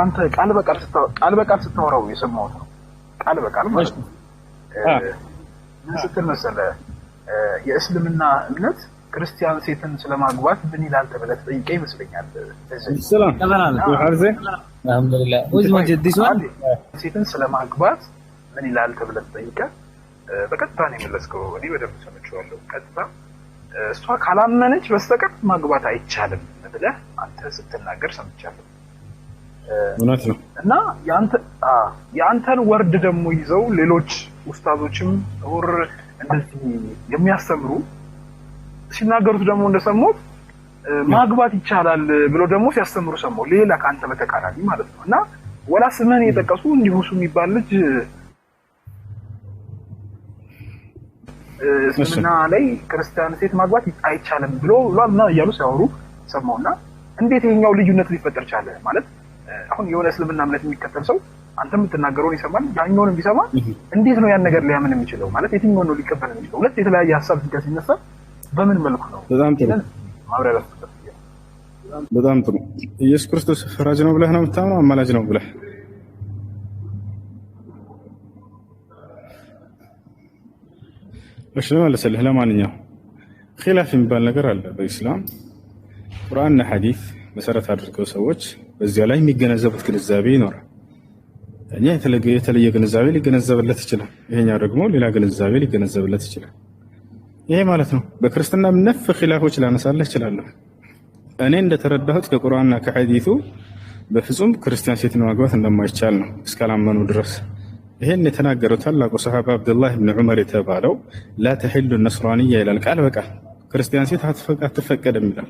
አንተ ቃል በቃል ቃል በቃል ስታወራው የሰማሁት ነው። ቃል በቃል ማለት ነው። ምን ስትል መሰለህ የእስልምና እምነት ክርስቲያን ሴትን ስለማግባት ምን ይላል ተብለህ ተጠይቀህ ይመስለኛል። ሴትን ስለማግባት ምን ይላል ተብለህ ተጠይቀህ በቀጥታ ነው የመለስከው። እኔ በደንብ ሰምቼዋለሁ። ቀጥታ እሷ ካላመነች በስተቀር ማግባት አይቻልም ብለህ አንተ ስትናገር ሰምቻለሁ። እውነት ነው እና የአንተን ወርድ ደግሞ ይዘው ሌሎች ውስታዞችም ር እንደዚህ የሚያስተምሩ ሲናገሩት ደግሞ እንደሰሙት ማግባት ይቻላል ብሎ ደግሞ ሲያስተምሩ ሰማሁ። ሌላ ከአንተ በተቃራኒ ማለት ነው እና ወላ ስምህን እየጠቀሱ እንዲሁ እሱ የሚባል ልጅ እስልምና ላይ ክርስቲያን ሴት ማግባት አይቻልም ብሎ ብሏል ምናምን እያሉ ሲያወሩ ሰማሁና እንዴት ይሄኛው ልዩነት ሊፈጠር ቻለ ማለት አሁን የሆነ እስልምና እምነት የሚከተል ሰው አንተ የምትናገረውን ይሰማል፣ ያኛውንም ቢሰማ እንዴት ነው ያን ነገር ሊያምን የሚችለው? ማለት የትኛውን ነው ሊቀበል የሚችለው? ሁለት የተለያየ ሀሳብ ጋ ሲነሳ በምን መልኩ ነው? በጣም ጥሩ ማብራሪያ በጣም ጥሩ። ኢየሱስ ክርስቶስ ፈራጅ ነው ብለህ ነው የምታምነው? አማላጅ ነው ብለህ እሺ ልመልስልህ። ለማንኛው ኪላፍ የሚባል ነገር አለ በኢስላም ቁርአንና ሐዲስ መሰረት አድርገው ሰዎች በዚያ ላይ የሚገነዘቡት ግንዛቤ ይኖራል። እኛ የተለየ ግንዛቤ ሊገነዘብለት ይችላል፣ ይሄኛ ደግሞ ሌላ ግንዛቤ ሊገነዘብለት ይችላል። ይሄ ማለት ነው በክርስትና ነፍ ኺላፎች ላነሳለህ እችላለሁ። እኔ እንደተረዳሁት ከቁርአንና ከሐዲቱ በፍጹም ክርስቲያን ሴትን ማግባት እንደማይቻል ነው እስካላመኑ ድረስ። ይሄን የተናገረው ታላቁ ሰሃባ አብዱላህ ብን ዑመር የተባለው ላ ተሒሉ ነስራንያ ይላል ቃል በቃል ክርስቲያን ሴት አትፈቀድም ይላል።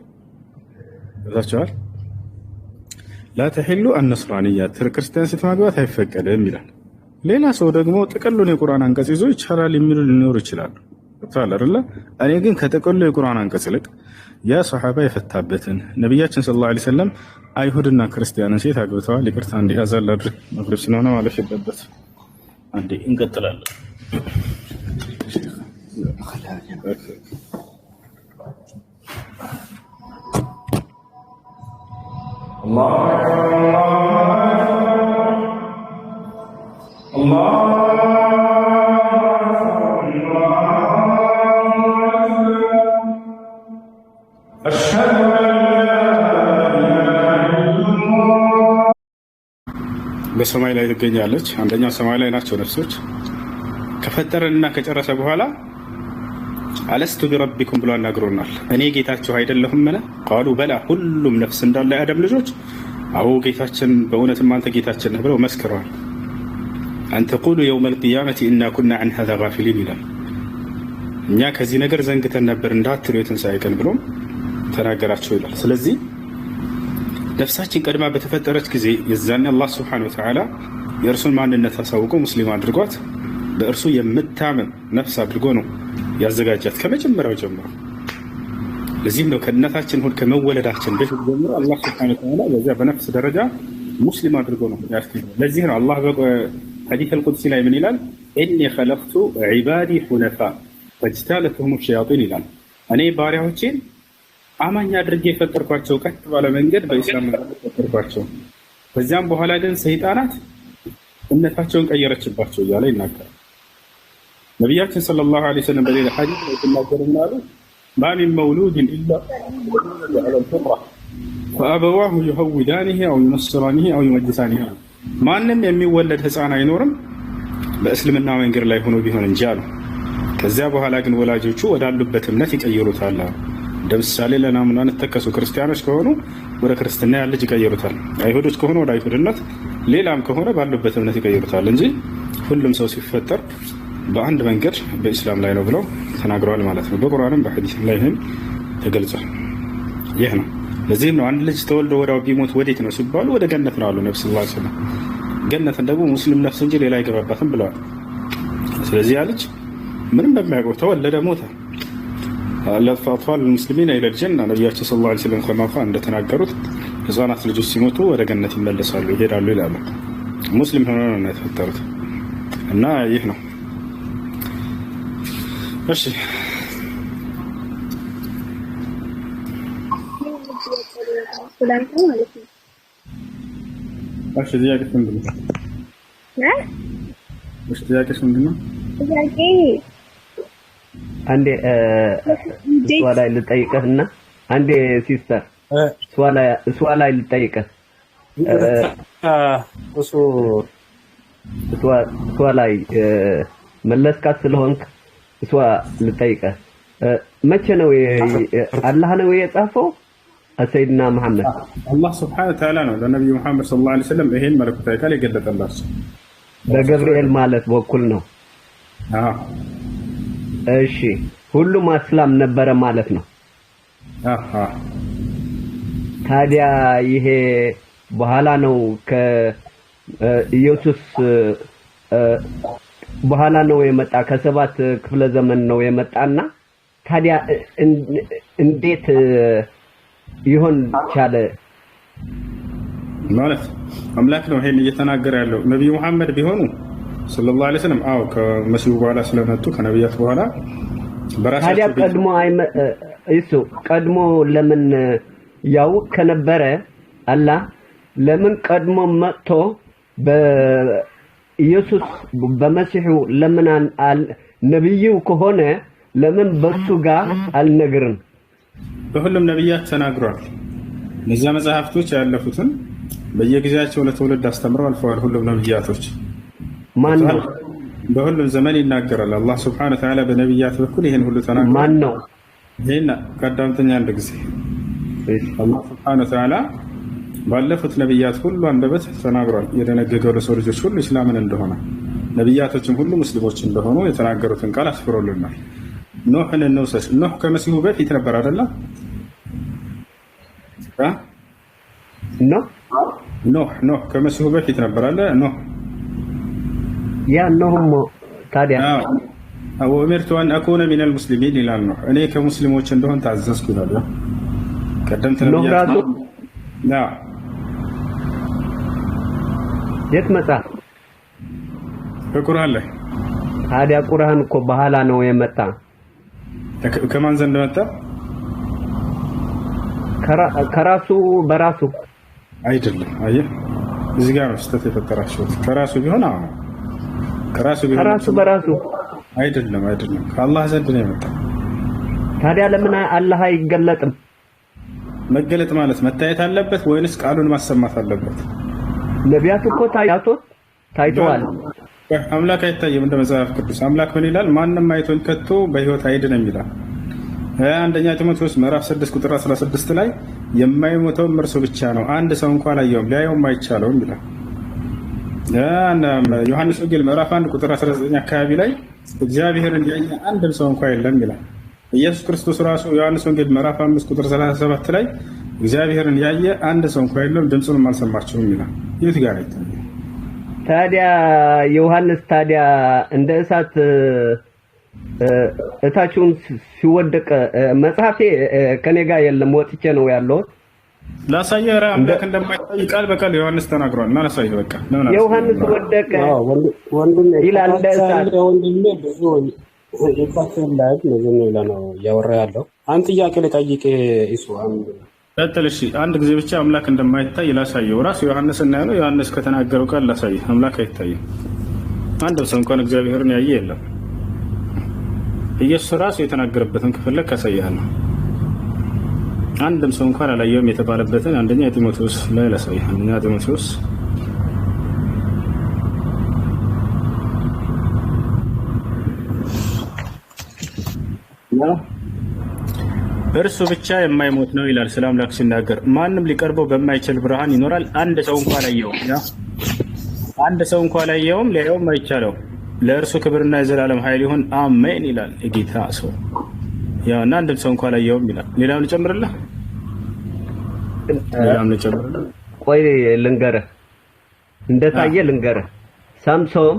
እዛቸዋል ላተሒሉ አነስራንያ ክርስቲያን ሴት ማግባት አይፈቀድም ይላል። ሌላ ሰው ደግሞ ጥቅሉን የቁርአን አንቀጽ ይዞ ይቻላል የሚሉ ሊኖሩ ይችላሉ። ታል እኔ ግን ከጥቅሉ የቁርአን አንቀጽ ይልቅ ያ ሰሓባ የፈታበትን ነቢያችን ስለ ላ ሰለም አይሁድና ክርስቲያንን ሴት አግብተዋል። ይቅርታ እንዲ አዛል መግሪብ ስለሆነ ማለፍ የለበት እንቀጥላለን። በሰማይ ላይ ትገኛለች። አንደኛው ሰማይ ላይ ናቸው ነፍሶች ከፈጠረንና ከጨረሰ በኋላ አለስቱ ቢረቢኩም ብሎ አናግሮናል። እኔ ጌታችሁ አይደለሁምን? ቃሉ በላ ሁሉም ነፍስ እንዳለ የአደም ልጆች አሁ ጌታችን፣ በእውነትም አንተ ጌታችን ነህ ብለው መስክረዋል። አንተቁሉ የውም ልቅያመት እና ኩና አን ሀዛ ጋፊሊን ይላል። እኛ ከዚህ ነገር ዘንግተን ነበር እንዳትሉ የትንሣኤ ቀን ብሎም ተናገራቸው ይላል። ስለዚህ ነፍሳችን ቀድማ በተፈጠረች ጊዜ የዛን አላህ ስብሓነሁ ወተዓላ የእርሱን ማንነት አሳውቆ ሙስሊም አድርጓት በእርሱ የምታምን ነፍስ አድርጎ ነው ያዘጋጃት ከመጀመሪያው ጀምሮ። ለዚህም ነው ከእናታችን ሆድ ከመወለዳችን በፊት ጀምሮ አላህ ስብሐነ ወተዓላ በዚያ በነፍስ ደረጃ ሙስሊም አድርጎ ነው ያስገኘ። ለዚህ ነው አላህ ሐዲስ አልቁድሲ ላይ ምን ይላል? እኒ ኸለቅቱ ዒባዲ ሁነፋ ፈጅታለትሁም ሸያጢን ይላል። እኔ ባሪያዎቼን አማኝ አድርጌ የፈጠርኳቸው ቀጥ ባለ መንገድ በኢስላም ፈጠርኳቸው። ከዚያም በኋላ ግን ሰይጣናት እምነታቸውን ቀየረችባቸው እያለ ይናገራል። ነቢያችን ሰለላሁ ዐለይሂ ወሰለም በሌላ ሐዲስ ላይ ሲናገሩ ምናሉ ማ ሚን መውሉድን ኢላ ዐለልፍጥራ ፈአበዋሁ ዩሀውዳኒህ አው ዩነስራኒህ አው ዩመጅሳኒህ ማንም የሚወለድ ህፃን አይኖርም በእስልምና መንገድ ላይ ሆኖ ቢሆን እንጂ አሉ። ከዚያ በኋላ ግን ወላጆቹ ወዳሉበት እምነት ይቀይሩታል አሉ። ለምሳሌ ለናሙና እንጠቀሱ። ክርስቲያኖች ከሆኑ ወደ ክርስትና ያን ልጅ ይቀይሩታል። አይሁዶች ከሆኑ ወደ አይሁድነት፣ ሌላም ከሆነ ባሉበት እምነት ይቀይሩታል እንጂ ሁሉም ሰው ሲፈጠር በአንድ መንገድ በኢስላም ላይ ነው ብለው ተናግረዋል ማለት ነው። በቁርአንም በሐዲስም ላይ ይህን ተገልጿል። ይህ ነው። ለዚህም ነው አንድ ልጅ ተወልዶ ወዲያው ቢሞት ወዴት ነው ሲባሉ ወደ ገነት ነው አሉ ነቢ ስላ ስለም። ገነትን ደግሞ ሙስሊም ነፍስ እንጂ ሌላ አይገባባትም ብለዋል። ስለዚህ ያ ልጅ ምንም በሚያውቀው ተወለደ፣ ሞተ። ለአጥፋል ሙስሊሚን ኢለል ነቢያቸው ስ ላ ስለም ከማፋ እንደተናገሩት ህጻናት ልጆች ሲሞቱ ወደ ገነት ይመለሳሉ፣ ይሄዳሉ ይላሉ። ሙስሊም ሆነ ነው የተፈጠሩት እና ይህ ነው እሺ እሺ ጥያቄሽ ምንድን ነው? እሺ ጥያቄሽ ምንድን ነው? ጥያቄ አንዴ እሷ ላይ ልጠይቀህ እና አንዴ ሲስተር እሷ ላይ ልጠይቀህ እሷ ላይ መለስካት ስለሆንክ እሷ ልጠይቀህ መቼ ነው አላህ ነው የጻፈው? ሰይድና መሐመድ አላህ ስብሐነሁ ወተዓላ ነው ለነቢዩ መሐመድ ሰለላሁ ዐለይሂ ወሰለም ይሄን መለኮታዊ ቃል የገለጠላቸው በገብርኤል ማለት በኩል ነው። እሺ ሁሉም አስላም ነበረ ማለት ነው። ታዲያ ይሄ በኋላ ነው ከኢየሱስ በኋላ ነው የመጣ ከሰባት ክፍለ ዘመን ነው የመጣና ታዲያ እንዴት ይሆን ቻለ ማለት አምላክ ነው ይሄን እየተናገረ ያለው። ነብዩ መሐመድ ቢሆኑ ሰለላሁ ዐለይሂ ወሰለም አዎ፣ ከመሲሁ በኋላ ስለመጡ ከነቢያት በኋላ ታዲያ ቀድሞ እሱ ቀድሞ ለምን ያውቅ ከነበረ አላ ለምን ቀድሞ መጥቶ ኢየሱስ በመሲሑ ለምን ነብዩ ከሆነ ለምን በሱ ጋር አልነግርም? በሁሉም ነብያት ተናግሯል። እነዚያ መጽሐፍቶች ያለፉትን በየጊዜያቸው ለትውልድ አስተምረው አልፈዋል። ሁሉም ነብያቶች ማን ነው? በሁሉም ዘመን ይናገራል። አላህ ስብሐነሁ ወተዓላ በነብያት በኩል ይህን ሁሉ ተናግሯል። ማን ነው? ይህን ከአዳምጠኛ አንድ ጊዜ አላህ ስብሐነሁ ወተዓላ ባለፉት ነቢያት ሁሉ አንደበት ተናግሯል የደነገገው ለሰው ልጆች ሁሉ ኢስላምን እንደሆነ ነቢያቶችም ሁሉ ሙስሊሞች እንደሆኑ የተናገሩትን ቃል አስፍሮልናል። ኖህን እንውሰድ። ኖህ ከመሲሁ በፊት ነበር አደለ? ኖህ ኖህ ከመሲሁ በፊት ነበር አለ። ኖህ ያ ኖህም ታዲያ ወእምርቱ አን አኩነ ሚነል ሙስሊሚን ይላል ኖህ። እኔ ከሙስሊሞች እንደሆን ታዘዝኩ ይላል። ቀደምት ነቢያት የት መጽሐፍ? በቁርአን ላይ ታዲያ ቁርአን እኮ በኋላ ነው የመጣ። ከማን ዘንድ መጣ? ከራሱ በራሱ አይደለም። አየህ፣ እዚህ ጋር ነው ስህተት የፈጠራችሁት። ከራሱ ቢሆን አዎ፣ ከራሱ ቢሆን ከራሱ በራሱ አይደለም፣ አይደለም፣ ከአላህ ዘንድ ነው የመጣ። ታዲያ ለምን አላህ አይገለጥም? መገለጥ ማለት መታየት አለበት ወይንስ ቃሉን ማሰማት አለበት? ነቢያት እኮ ታያቶት ታይተዋል። አምላክ አይታየም። እንደ መጽሐፍ ቅዱስ አምላክ ምን ይላል? ማንም አይቶኝ ከቶ በህይወት አይድንም የሚላል አንደኛ ጢሞቴዎስ ምዕራፍ 6 ቁጥር 16 ላይ የማይሞተውም እርሱ ብቻ ነው፣ አንድ ሰው እንኳ አላየውም ሊያየውም አይቻለውም ይላል። ዮሐንስ ወንጌል ምዕራፍ 1 ቁጥር 19 አካባቢ ላይ እግዚአብሔር እንዲያየ አንድም ሰው እንኳ የለም ይላል። ኢየሱስ ክርስቶስ ራሱ ዮሐንስ ወንጌል ምዕራፍ 5 ቁጥር 37 ላይ እግዚአብሔርን ያየ አንድ ሰው እንኳ የለም፣ ድምፁንም አልሰማችሁም ይላል። የት ጋር ይታያል? ታዲያ ዮሐንስ ታዲያ እንደ እሳት እታችሁን ሲወደቅ መጽሐፌ ከኔ ጋር የለም ወጥቼ ነው ያለሁት። ላሳየ ራ አምላክ እንደማይታይ ቃል በቃል ዮሐንስ ተናግሯል እና ላሳየ በቃ ዮሐንስ ወደቀ ይላል እንደ እሳት የባቸውን ላይት ነው እያወራ ያለው። አንድ ጥያቄ ልጠይቅ ሱ ቀጥል እሺ። አንድ ጊዜ ብቻ አምላክ እንደማይታይ ላሳየው። ራሱ ዮሐንስ እና ያለው ዮሐንስ ከተናገረው ቃል ላሳይ። አምላክ አይታይም። አንድም ሰው እንኳን እግዚአብሔርን ያየ የለም። ኢየሱስ ራሱ የተናገረበትን ክፍል ካሳያለሁ። አንድም ሰው እንኳን አላየውም የተባለበትን አንደኛ ጢሞቴዎስ ላይ ላሳይ። አንደኛ ጢሞቴዎስ እርሱ ብቻ የማይሞት ነው ይላል ስለ አምላክ ሲናገር፣ ማንም ሊቀርበው በማይችል ብርሃን ይኖራል። አንድ ሰው እንኳ አላየውም። አንድ ሰው እንኳ አላየውም፣ ሊያየውም አይቻለው። ለእርሱ ክብርና የዘላለም ኃይል ይሁን አሜን ይላል የጌታ ሰው ያው እና አንድም ሰው እንኳ አላየውም ይላል። ሌላም ልጨምርልህ፣ ሌላም ልጨምርልህ። ቆይ ልንገርህ፣ እንደታየ ልንገርህ። ሳምሶም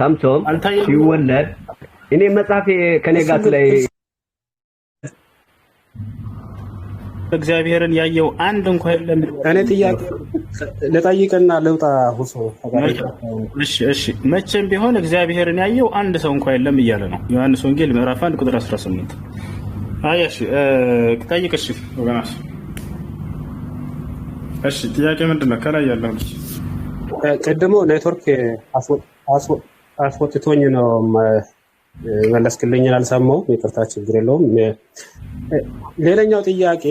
ሳምሶም ሲወለድ እኔ መጽሐፌ ከኔ ጋር ላይ እግዚአብሔርን ያየው አንድ እንኳ የለም። እኔ ጥያቄ ልጠይቅና ልውጣ። ሁሶ መቼም ቢሆን እግዚአብሔርን ያየው አንድ ሰው እንኳ የለም እያለ ነው ዮሐንስ ወንጌል ምዕራፍ 1 ቁጥር 18። አያሽ ጠይቅ። እሺ ወገናሽ፣ እሺ ጥያቄ ምንድን ነው? ከላይ ያለው ቅድሞ ኔትወርክ አስወጥቶኝ ነው መለስክልኝን አልሰማሁም። ይቅርታ፣ ችግር የለውም። ሌላኛው ጥያቄ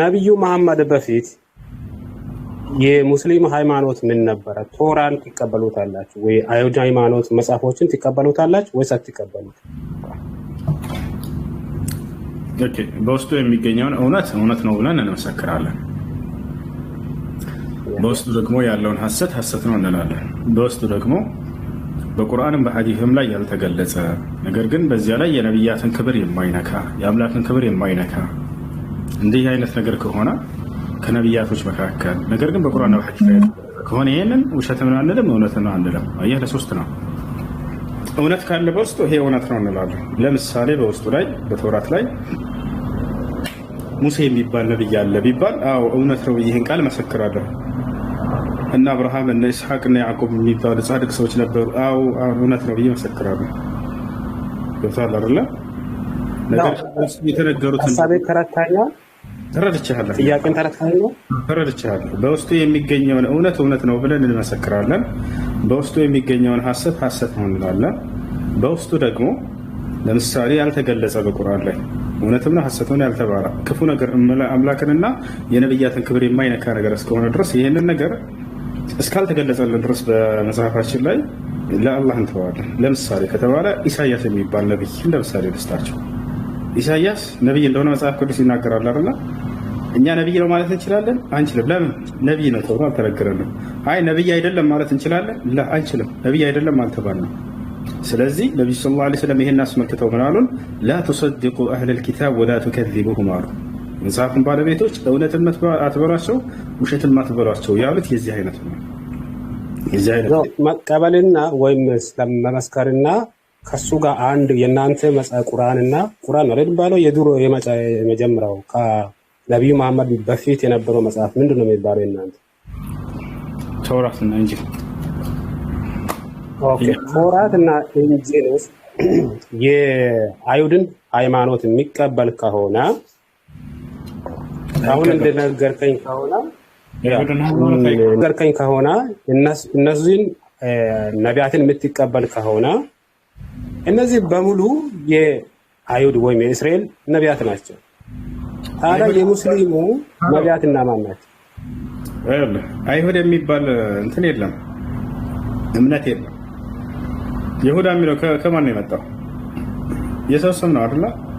ነቢዩ መሐመድ በፊት የሙስሊም ሃይማኖት ምን ነበረ? ቶራን ትቀበሉታላችሁ ወይ? አይሁድ ሃይማኖት መጽሐፎችን ትቀበሉታላችሁ ወይስ አትቀበሉት? በውስጡ የሚገኘውን እውነት እውነት ነው ብለን እንመሰክራለን። በውስጡ ደግሞ ያለውን ሐሰት ሐሰት ነው እንላለን። በውስጡ ደግሞ በቁርአንም በሐዲፍም ላይ ያልተገለጸ ነገር ግን በዚያ ላይ የነቢያትን ክብር የማይነካ የአምላክን ክብር የማይነካ እንዲህ አይነት ነገር ከሆነ ከነቢያቶች መካከል ነገር ግን በቁርአን በሐዲስ ላይ ከሆነ ይህንን ውሸት ምን አንልም፣ እውነት ነው አንልም። ይህ ለሶስት ነው። እውነት ካለ በውስጡ ይሄ እውነት ነው እንላለን። ለምሳሌ በውስጡ ላይ በተውራት ላይ ሙሴ የሚባል ነብይ አለ ቢባል፣ አዎ እውነት ነው፣ ይህን ቃል መሰክራለሁ እና አብርሃም እነ ኢስሐቅ እና ያዕቆብ የሚባሉ ጻድቅ ሰዎች ነበሩ። አዎ እውነት ነው ብዬ መሰክራሉ። ገብቷል አይደለ? የተነገሩትን ተረድቻለሁ፣ ጥያቄን ተረድቻለሁ። በውስጡ የሚገኘውን እውነት እውነት ነው ብለን እንመሰክራለን። በውስጡ የሚገኘውን ሀሰት ሀሰት ነው እንላለን። በውስጡ ደግሞ ለምሳሌ ያልተገለጸ በቁርአን ላይ እውነትም ነው ሀሰትን ያልተባለ ክፉ ነገር አምላክንና የነብያትን ክብር የማይነካ ነገር እስከሆነ ድረስ ይህንን ነገር እስካልተገለጸልን ድረስ በመጽሐፋችን ላይ ለአላህ እንተዋለን። ለምሳሌ ከተባለ ኢሳያስ የሚባል ነቢይ ለምሳሌ ልስጣቸው። ኢሳያስ ነቢይ እንደሆነ መጽሐፍ ቅዱስ ይናገራል አይደል? እኛ ነቢይ ነው ማለት እንችላለን? አንችልም። ለምን? ነቢይ ነው ተብሎ አልተነገረንም። አይ ነቢይ አይደለም ማለት እንችላለን? አንችልም። ነቢይ አይደለም አልተባልንም። ስለዚህ ነቢዩ ሰለላሁ ዐለይሂ ወሰለም ይሄን አስመልክተው ምናሉን ላ ቱሰድቁ አህለል ኪታብ ወላ ቱከዚቡሁም አሉ መጽሐፉን ባለቤቶች እውነትን አትበሯቸው፣ ውሸትን አትበሏቸው ያሉት የዚህ አይነት ነው። መቀበልና ወይም መመስከርና ከሱ ጋር አንድ የእናንተ ቁርአንና ቁርአን ነው የሚባለው የድሮ የመጀመሪያው ከነቢዩ መሐመድ በፊት የነበረው መጽሐፍ ምንድን ነው የሚባለው? የእናንተ ተውራትና እንጂል። እና እንጂል ውስጥ የአይሁድን ሃይማኖት የሚቀበል ከሆነ አሁን እንደነገርከኝ ከሆነ ነገርከኝ ከሆነ እነዚህን ነቢያትን የምትቀበል ከሆነ እነዚህ በሙሉ የአይሁድ ወይም የእስራኤል ነቢያት ናቸው። ታዲያ የሙስሊሙ ነቢያት እና ማን ናቸው? አይሁድ የሚባል እንትን የለም፣ እምነት የለም። ይሁዳ የሚለው ከማን ነው የመጣው? የሰው ስም ነው አይደለ?